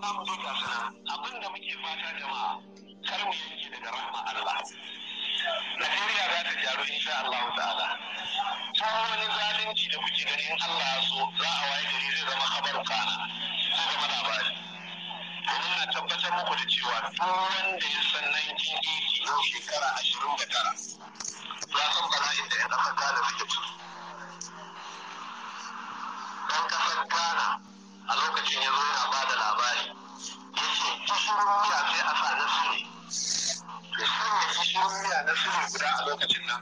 samu mu ga suna abin da muke fata jama'a kar mu yanke daga rahma Allah Najeriya za ta gyaru insha Allah ta'ala duk wani zalunci da kuke gani in Allah ya so za a waye gari zai zama habar kana zai zama labari domin na tabbatar muku da cewa duk wanda ya san 1980 yau shekara ashirin da tara shirin miya sai a sa na sirri to sanya gishirin miya na sirri guda a lokacin nan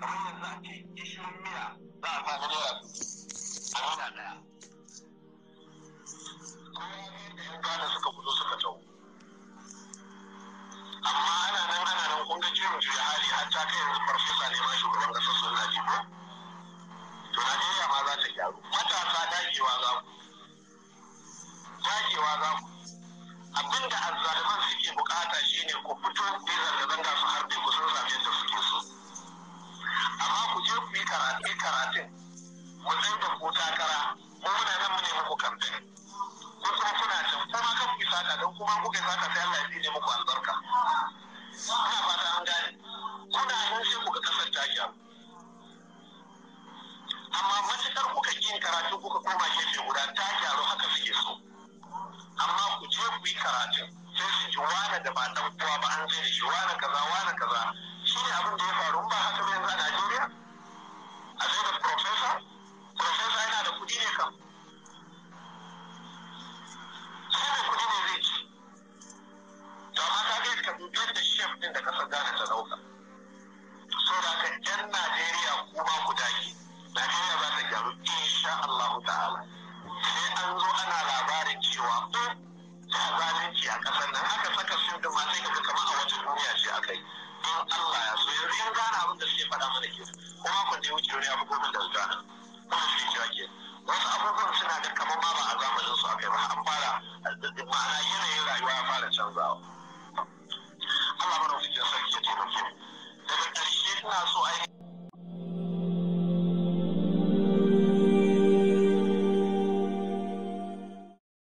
kamar yanzu a ce gishirin miya za a sa na naira a miya daya kuma ya ga gane suka fito suka tau amma ana nan ana nan kun ga jirin hali har ta kai yanzu farfesa ne ma shugaban kasar ba ku abinda azzaliman suke bukata shine ku fito ku zanga-zanga shi wane da ba dan uwa ba an zai shi wane kaza wane kaza shi ne abin da ya faru ba haka ba yanzu a Najeriya a zai da professor professor yana da kuɗi ne kam shi ne kuɗi ne zai ci to amma ka ga ka dubi da chef din da kasar Ghana ta dauka so da ka yan Najeriya kuma ku dage Najeriya za ta gyaru insha Allah ta'ala sai an zo ana labarin cewa ko oh, da za a kasar nan aka saka su da masu yi kama a wata duniya ce aka yi don Allah ya so yanzu gana abin da suke faɗa mana ke kuma kun da wuce wani abu gobe da su kuma su jira ke wasu abubuwan suna da kamar ma ba a zamanin su aka yi ba an fara ma'ana yanayin rayuwa ya fara canzawa